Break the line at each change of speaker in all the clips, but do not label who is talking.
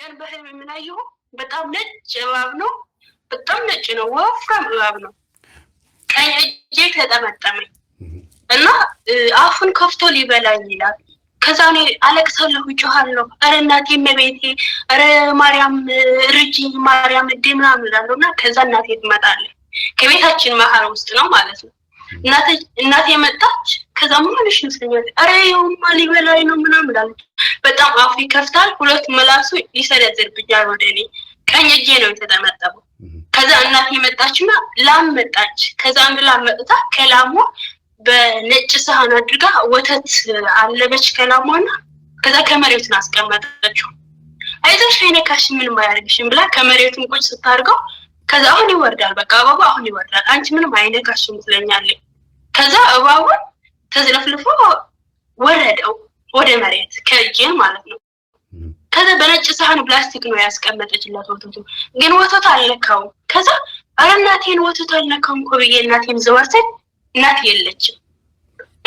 ቀን በህልም የምናየው በጣም ነጭ እባብ ነው። በጣም ነጭ ነው፣ ወፍራም እባብ ነው። ቀኝ እጄ ተጠመጠመኝ እና አፉን ከፍቶ ሊበላኝ ይላል። ከዛ እኔ አለቅሰለሁ፣ እጮሃለሁ፣ ኧረ እናቴ እመቤቴ፣ ኧረ ማርያም እርጅኝ፣ ማርያም እዴ ምናምን እላለሁ እና ከዛ እናቴ ትመጣለች። ከቤታችን መሀል ውስጥ ነው ማለት ነው። እናቴ መጣች ከዛ መሆንሽ ይመስለኛል አረ ይኸውማ ሊበላይ ነው ምናምን አሉ። በጣም አፉ ይከፍታል። ሁለት ምላሱ ይሰነዝርብኛል ወደ እኔ። ቀኝ እጄ ነው የተጠመጠመው። ከዛ እናቴ መጣችና ላም መጣች። ከዛ አንድ ላም መጥታ ከላሟ በነጭ ሳህን አድርጋ ወተት አለበች ከላሟና ከዛ ከመሬቱን አስቀመጠችው። አይዞሽ አይነካሽ ምንም አያደርግሽም ብላ ከመሬቱን ቁጭ ስታደርገው ከዛ አሁን ይወርዳል፣ በቃ እባቡ አሁን ይወርዳል፣ አንቺ ምንም አይነካሽ ይመስለኛል። ከዛ እባቡን ተዝለፍልፎ ወረደው ወደ መሬት ከእጄ ማለት ነው። ከዛ በነጭ ሳህን ፕላስቲክ ነው ያስቀመጠችላት። ወተቱ ግን ወተት አልነካውም። ከዛ አረ እናቴን ወተት አልነካውም እኮ ብዬ እናቴን ዘወርሰኝ፣ እናት የለችም።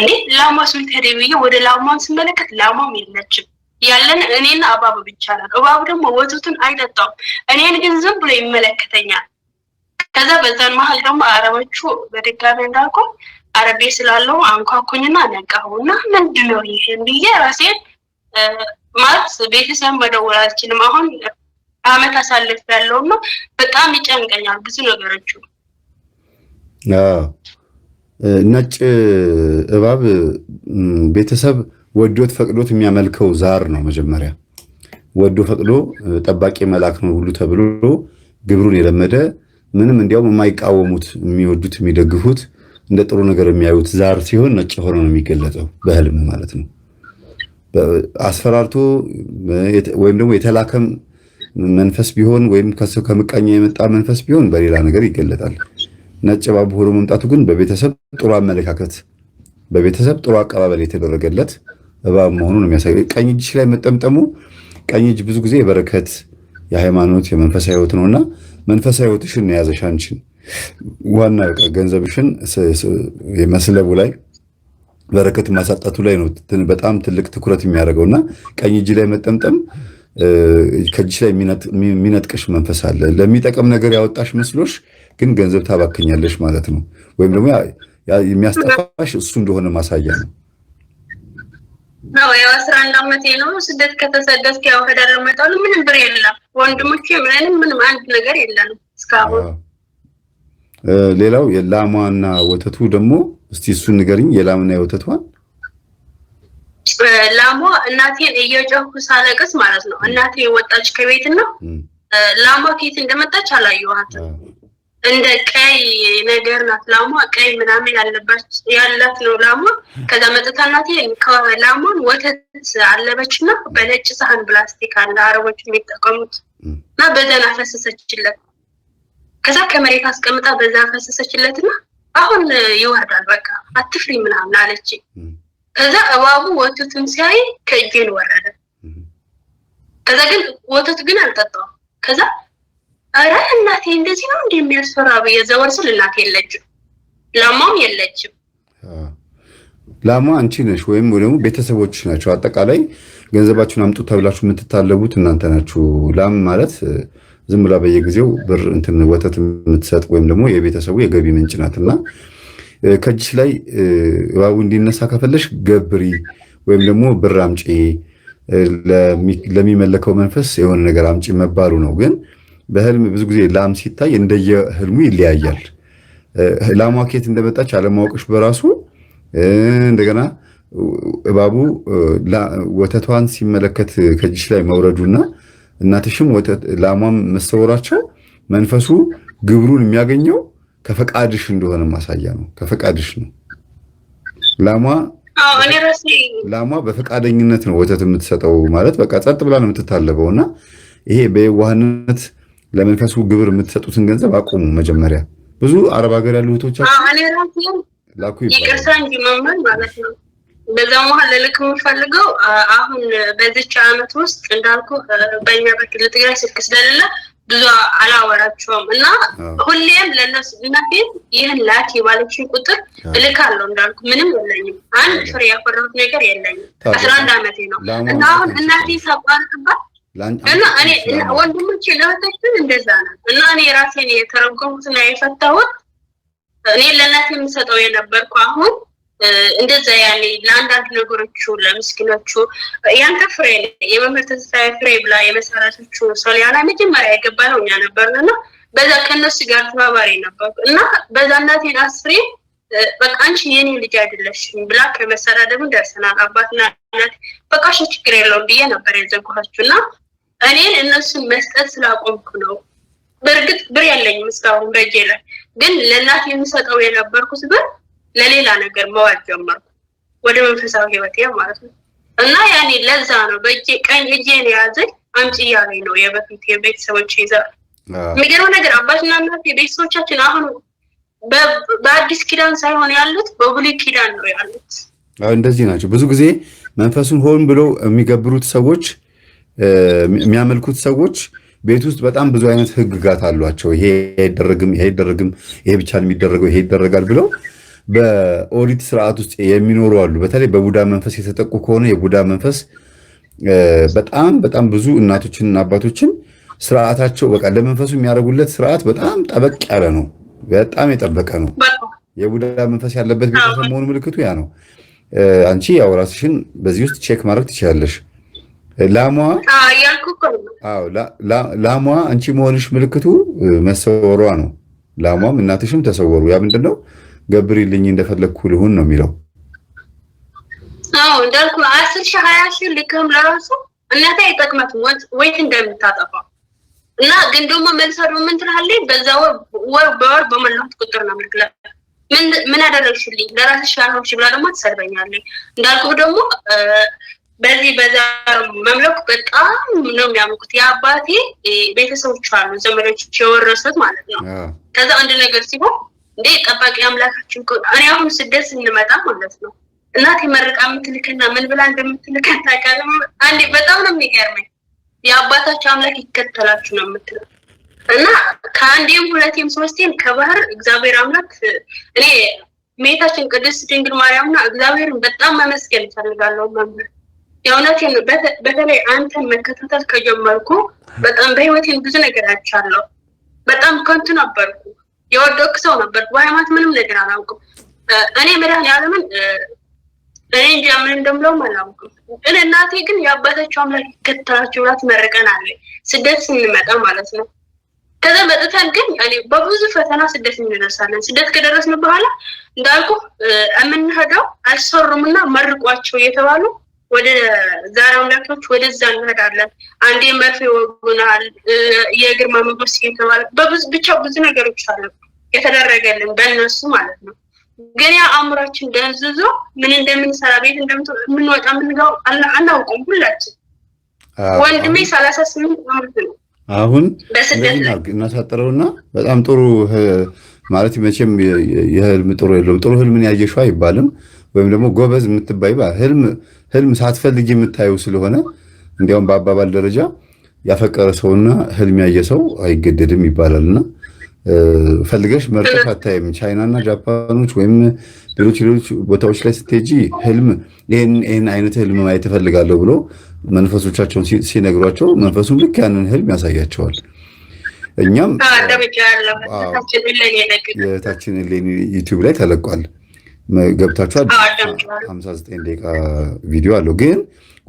እንዴ ላሟ ስንት ሄደ ብዬ ወደ ላሟን ስመለከት ላሟም የለችም። ያለን እኔና እባብ ብቻ እባብ ደግሞ ወተቱን አይጠጣውም። እኔን ግን ዝም ብሎ ይመለከተኛል። ከዛ በዛን መሀል ደግሞ አረቦቹ በድጋሚ እንዳልኩ አረቤ ስላለው አንኳኩኝና ነቃሁ እና ምንድን ነው ይህን ብዬ ራሴን ማለት ቤተሰብ መደወል አልችልም። አሁን አመት አሳልፍ ያለው ነው በጣም ይጨንቀኛል። ብዙ ነገሮች
ነጭ እባብ ቤተሰብ ወዶት ፈቅዶት የሚያመልከው ዛር ነው። መጀመሪያ ወዶ ፈቅዶ ጠባቂ መልአክ ነው ሁሉ ተብሎ ግብሩን የለመደ ምንም እንዲያውም የማይቃወሙት የሚወዱት የሚደግፉት እንደ ጥሩ ነገር የሚያዩት ዛር ሲሆን ነጭ ሆኖ ነው የሚገለጠው በህልም ማለት ነው። አስፈራርቶ ወይም ደግሞ የተላከም መንፈስ ቢሆን ወይም ከምቀኛ የመጣ መንፈስ ቢሆን በሌላ ነገር ይገለጣል። ነጭ እባብ ሆኖ መምጣቱ ግን በቤተሰብ ጥሩ አመለካከት፣ በቤተሰብ ጥሩ አቀባበል የተደረገለት እባብ መሆኑን የሚያሳይ ቀኝ እጅ ላይ መጠምጠሙ ቀኝ እጅ ብዙ ጊዜ የበረከት የሃይማኖት የመንፈሳዊ ህይወት ነውና መንፈሳዊ ህይወትሽን የያዘሽ አንቺን ዋና ገንዘብሽን መስለቡ ላይ በረከት ማሳጣቱ ላይ ነው በጣም ትልቅ ትኩረት የሚያደርገው እና ቀኝ እጅ ላይ መጠምጠም ከእጅ ላይ የሚነጥቅሽ መንፈስ አለ። ለሚጠቅም ነገር ያወጣሽ መስሎሽ ግን ገንዘብ ታባክኛለሽ ማለት ነው። ወይም ደግሞ የሚያስጠፋሽ እሱ እንደሆነ ማሳያ ነው።
ያው አስራ አንድ አመቴ ነው ስደት ከተሰደስክ ያው መጣሉ ምንም ብር የለም። ወንድሞች ምንም ምንም አንድ ነገር የለንም እስካሁን
ሌላው የላሟና ወተቱ ደግሞ እስቲ እሱን ንገርኝ። የላምና የወተቷን
ላሟ እናቴን እየጨኩ ሳለቅስ ማለት ነው። እናቴ ወጣች ከቤት ከቤትና ላሟ ከየት እንደመጣች አላየኋት። እንደ ቀይ ነገር ናት ላሟ፣ ቀይ ምናምን ያላት ነው ላሟ። ከዛ መጥታ እናቴ ከላሟን ወተት አለበችና በነጭ ሳህን ፕላስቲክ አለ አረቦች የሚጠቀሙት እና በዘን ፈሰሰችለት ከዛ ከመሬት አስቀምጣ በዛ ፈሰሰችለትና አሁን ይወርዳል በቃ አትፍሪ ምናምን አለች። ከዛ እባቡ ወተቱን ሲያይ ከእጄን ወረደ። ከዛ ግን ወተቱ ግን አልጠጣው ከዛ እረ እናቴ እንደዚህ ነው እንደ የሚያስፈራ ብዬ ዘወር ስል እናቴ የለችም፣ ላማም የለችም።
ላሟ አንቺ ነሽ ወይም ደግሞ ቤተሰቦች ናቸው። አጠቃላይ ገንዘባችሁን አምጡ ተብላችሁ የምትታለቡት እናንተ ናችሁ። ላም ማለት ዝም ብላ በየጊዜው ብር እንትን ወተት የምትሰጥ ወይም ደግሞ የቤተሰቡ የገቢ ምንጭ ናት እና ከእጅሽ ላይ እባቡ እንዲነሳ ከፈለሽ ገብሪ ወይም ደግሞ ብር አምጪ ለሚመለከው መንፈስ የሆነ ነገር አምጪ መባሉ ነው። ግን በህልም ብዙ ጊዜ ላም ሲታይ እንደየህልሙ ይለያያል። ላሟ ኬት እንደመጣች አለማወቅሽ በራሱ እንደገና እባቡ ወተቷን ሲመለከት ከእጅሽ ላይ መውረዱና እናትሽም ወተት ላሟም መሰወራቸው መንፈሱ ግብሩን የሚያገኘው ከፈቃድሽ እንደሆነ ማሳያ ነው። ከፈቃድሽ ነው። ላሟ ላሟ በፈቃደኝነት ነው ወተት የምትሰጠው። ማለት በቃ ጸጥ ብላ ነው የምትታለበው። እና ይሄ በየዋህነት ለመንፈሱ ግብር የምትሰጡትን ገንዘብ አቁሙ። መጀመሪያ ብዙ አረብ ሀገር ያሉ
እህቶቻችን ላኩ ይባላል። በዛ መሀል ልልክ የምፈልገው አሁን በዚች አመት ውስጥ እንዳልኩ በእኛ በኩል ትግራይ ስልክ ስለሌለ ብዙ አላወራቸውም እና ሁሌም ለነሱ እናቴ ይህን ላኪ ባለችን ቁጥር እልካለሁ። እንዳልኩ ምንም የለኝም፣ አንድ ፍሬ ያፈራሁት ነገር የለኝም። አስራ አንድ አመቴ ነው እና አሁን እናቴ ሳባርክባት እና እኔ ወንድሞች ለወታችን እንደዛ ነው እና እኔ ራሴን የተረጎሙትና የፈታሁት እኔ ለእናቴ የምሰጠው የነበርኩ አሁን እንደዛ ያለ ለአንዳንድ ነገሮቹ ለምስኪኖቹ ያንተ ፍሬ የመምህር ተስፋዬ ፍሬ ብላ የመሰረቶቹ ሶሊያና መጀመሪያ የገባነው እኛ ነበርን እና በዛ ከነሱ ጋር ተባባሪ ነበር እና በዛ እናቴን አስሬ በቃ አንቺ የኔ ልጅ አይደለሽም ብላ ደግሞ ደርሰናል። አባትና እናት በቃ ችግር የለውም ብዬ ነበር የዘጓኋችሁ እና እኔን እነሱን መስጠት ስላቆምኩ ነው። በእርግጥ ብር ያለኝም እስካሁን በእጄ ላይ ግን ለእናት የምሰጠው የነበርኩት ብር ለሌላ ነገር መዋል ጀመርኩ፣ ወደ መንፈሳዊ ህይወቴ ማለት ነው። እና ያኔ ለዛ ነው በእጄ ቀኝ እጄን የያዘኝ አምጪ እያለኝ ነው የበፊት የቤተሰቦች ይዛል። የሚገርመው ነገር አባትና እናት የቤተሰቦቻችን አሁን በአዲስ ኪዳን ሳይሆን ያሉት በብሉይ ኪዳን ነው ያሉት።
እንደዚህ ናቸው። ብዙ ጊዜ መንፈሱን ሆን ብለው የሚገብሩት ሰዎች የሚያመልኩት ሰዎች ቤት ውስጥ በጣም ብዙ አይነት ህግጋት አሏቸው። ይሄ አይደረግም፣ ይሄ አይደረግም፣ ይሄ ብቻ የሚደረገው ይሄ ይደረጋል ብለው በኦሪት ስርዓት ውስጥ የሚኖሩ አሉ። በተለይ በቡዳ መንፈስ የተጠቁ ከሆነ የቡዳ መንፈስ በጣም በጣም ብዙ እናቶችንና አባቶችን ስርዓታቸው በቃ ለመንፈሱ የሚያደርጉለት ስርዓት በጣም ጠበቅ ያለ ነው። በጣም የጠበቀ ነው። የቡዳ መንፈስ ያለበት ቤተሰብ መሆኑ ምልክቱ ያ ነው። አንቺ ያው ራስሽን በዚህ ውስጥ ቼክ ማድረግ ትችላለሽ። ላሟ ላሟ አንቺ መሆንሽ ምልክቱ መሰወሯ ነው። ላሟም እናትሽም ተሰወሩ። ያ ምንድን ነው? ገብሪልኝ እንደፈለግኩ ልሁን ነው የሚለው።
አዎ እንዳልኩ አስር ሺህ ሀያ ሺህ ልክህም ለራሱ እናት አይጠቅማትም ወይት እንደምታጠፋ እና ግን ደግሞ መልሳ ደግሞ ምን ትልሃለች? በዛ ወር በወር በመላት ቁጥር ነው ምልክላት ምን አደረግሽልኝ ለራስሽ ያልሆንሽ ብላ ደግሞ ትሰድበኛለች። እንዳልኩ ደግሞ በዚህ በዛ መምለኩ በጣም ነው የሚያምኩት። የአባቴ ቤተሰቦች አሉ ዘመዶች የወረሱት ማለት ነው። ከዛ አንድ ነገር ሲሆን እንዴ ጠባቂ አምላካችን እኔ አሁን ስደት ስንመጣ ማለት ነው እናቴ መርቃ የምትልክና ምን ብላ እንደምትልከን ታውቃለህ? አንዴ በጣም ነው የሚገርመኝ። የአባታቸው አምላክ ይከተላችሁ ነው የምትለው እና ከአንዴም ሁለቴም ሶስቴም ከባህር እግዚአብሔር አምላክ እኔ ሜታችን ቅድስት ድንግል ማርያምና እግዚአብሔርን በጣም መመስገን እፈልጋለሁ። መምህር የእውነቴን በተለይ አንተን መከታተል ከጀመርኩ በጣም በህይወቴን ብዙ ነገር አይቻለሁ። በጣም ከንቱ ነበርኩ። የኦርቶዶክስ ሰው ነበር። በሃይማኖት ምንም ነገር አላውቅም። እኔ መድኃኒዓለምን እኔ እንጃ ምን እንደምለውም አላውቅም። ግን እናቴ ግን የአባታቸው አምላክ ይከተላቸው ብላ ትመርቀናለች። ስደት ስንመጣ ማለት ነው። ከዛ መጥተን ግን በብዙ ፈተና ስደት እንደርሳለን። ስደት ከደረስን በኋላ እንዳልኩ የምንሄደው አልሰሩምና መርቋቸው እየተባሉ ወደ ዛሬ አምላኪዎች ወደዛ እንሄዳለን። አንዴ መርፌ ይወጉናል፣ የግርማ ሞገስ እየተባለ በብዙ ብቻ ብዙ ነገሮች አለ። የተደረገልን በእነሱ ማለት ነው። ግን ያ አእምሯችን ደንዝዞ ምን እንደምንሰራ ቤት እንደምንወጣ ምንገው አናውቅም። ሁላችን ወንድሜ ሰላሳ ስምንት ዓመት ነው
አሁን እናሳጥረውና በጣም ጥሩ ማለት መቼም የህልም ጥሩ የለውም። ጥሩ ህልምን ያየሽው አይባልም ወይም ደግሞ ጎበዝ የምትባይ ህልም ሳትፈልጊ የምታየው ስለሆነ እንዲያውም በአባባል ደረጃ ያፈቀረ ሰውና ህልም ያየ ሰው አይገደድም ይባላልና ፈልገሽ መርጠሽ አታይም። ቻይናና ጃፓኖች ወይም ሌሎች ሌሎች ቦታዎች ላይ ስትሄጂ ህልም ይህን አይነት ህልም ማየት እፈልጋለሁ ብሎ መንፈሶቻቸውን ሲነግሯቸው መንፈሱም ልክ ያንን ህልም ያሳያቸዋል። እኛም
የታችን ሌኒ ዩቲዩብ ላይ ተለቋል።
ገብታችሁ 59 ደቂቃ ቪዲዮ አለው። ግን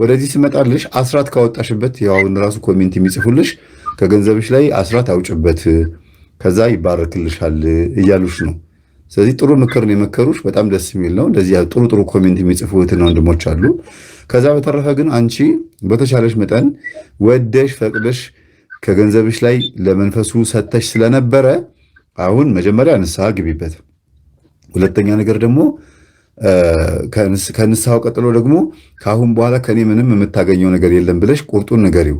ወደዚህ ስመጣልሽ አስራት ካወጣሽበት ያው ራሱ ኮሜንት የሚጽፉልሽ ከገንዘብሽ ላይ አስራት አውጭበት ከዛ ይባረክልሻል እያሉሽ ነው። ስለዚህ ጥሩ ምክር ነው የመከሩሽ። በጣም ደስ የሚል ነው። እንደዚህ ጥሩ ጥሩ ኮሜንት የሚጽፉ እህትና ወንድሞች አሉ። ከዛ በተረፈ ግን አንቺ በተሻለሽ መጠን ወደሽ ፈቅደሽ ከገንዘብሽ ላይ ለመንፈሱ ሰተሽ ስለነበረ አሁን መጀመሪያ ንስሐ ግቢበት። ሁለተኛ ነገር ደግሞ ከንስሐው ቀጥሎ ደግሞ ከአሁን በኋላ ከኔ ምንም የምታገኘው ነገር የለም ብለሽ ቁርጡን ንገሪው።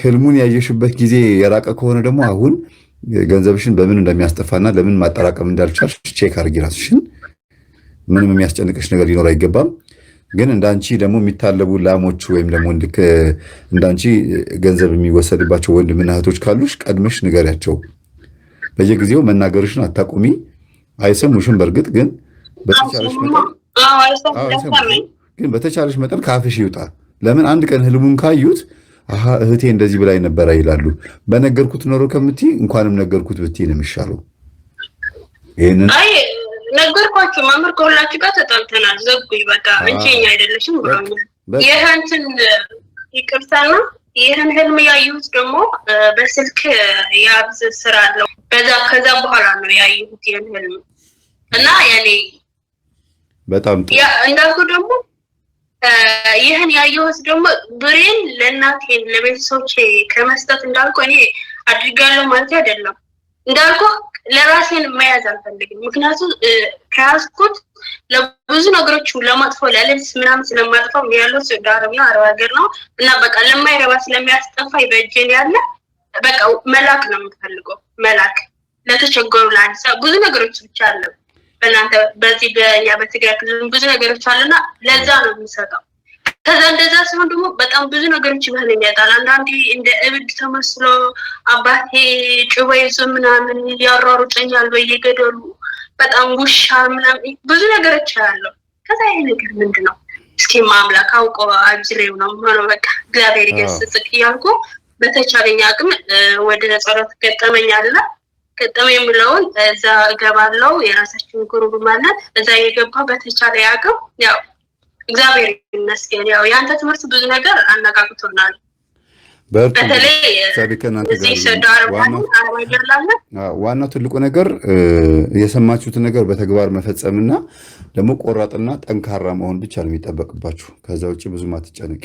ህልሙን ያየሽበት ጊዜ የራቀ ከሆነ ደግሞ አሁን ገንዘብሽን በምን እንደሚያስጠፋና ለምን ማጠራቀም እንዳልቻልሽ ቼክ አድርጊ። ራስሽን ምንም የሚያስጨንቅሽ ነገር ሊኖር አይገባም። ግን እንዳንቺ ደግሞ የሚታለቡ ላሞች ወይም ደግሞ እንዳንቺ ገንዘብ የሚወሰድባቸው ወንድምና እህቶች ካሉሽ ቀድመሽ ንገሪያቸው። በየጊዜው መናገርሽን አታቁሚ። አይሰሙሽም። በእርግጥ ግን በተቻለሽ መጠን ካፍሽ ይውጣ። ለምን አንድ ቀን ህልሙን ካዩት አሀ እህቴ እንደዚህ ብላይ ነበረ ይላሉ። በነገርኩት ኖሮ ከምት እንኳንም ነገርኩት ብትይ ነው የሚሻለው።
ይሄንን ነገርኳችሁ። መምህር ከሁላችሁ ጋር ተጣልተናል፣ ዘጉኝ፣ በቃ እንጂ እኛ አይደለሽም ብሎኛል። ይህንትን ይቅርታና ይህን ህልም ያየሁት ደግሞ በስልክ የአብዝ ስራ አለው በዛ ከዛ በኋላ ነው ያየሁት ይህን ህልም እና ያኔ በጣም እንዳልኩ ደግሞ ይህን ያየሁት ደግሞ ብሬን ለእናቴ ለቤተሰቦቼ ከመስጠት እንዳልኩ እኔ አድርጋለሁ ማለት አይደለም። እንዳልኩ ለራሴን መያዝ አልፈልግም። ምክንያቱም ከያዝኩት ለብዙ ነገሮች ለማጥፎ ለልብስ ምናምን ስለማጥፋው ያለው ሳውዲ ነው አረብ ሀገር ነው እና በቃ ለማይረባ ስለሚያስጠፋ በእጄን ያለ በቃ መላክ ነው የምፈልገው። መላክ ለተቸገሩ ለአንድ ብዙ ነገሮች ብቻ አለው በእናንተ በዚህ በእኛ በትግራይ ክልል ብዙ ነገሮች አሉና ለዛ ነው የምሰጠው። ከዛ እንደዛ ሲሆን ደግሞ በጣም ብዙ ነገሮች ይበህል ይመጣል። አንዳንዴ እንደ እብድ ተመስሎ አባቴ ጩቤ ይዞ ምናምን ያሯሩጠኛል በየገደሉ በጣም ውሻ ምናምን ብዙ ነገሮች ያለው። ከዛ ይሄ ነገር ምንድን ነው? እስኪ ማምላክ አውቆ አጅሬው ነው ሆነ በቃ እግዚአብሔር ይገስጽ እያልኩ በተቻለኝ አቅም ወደ ጸሎት ገጠመኝ ገጠመ የሚለውን እዛ እገባለው። የራሳችን ጉሩብ ማለት እዛ የገባ በተቻለ ያቅም ያው እግዚአብሔር ይመስገን ያው የአንተ ትምህርት ብዙ ነገር አነቃቅቶናል። በተለይ
ዋናው ትልቁ ነገር የሰማችሁትን ነገር በተግባር መፈጸምና ደግሞ ቆራጥና ጠንካራ መሆን ብቻ ነው የሚጠበቅባችሁ። ከዛ ውጭ ብዙም አትጨነቂ።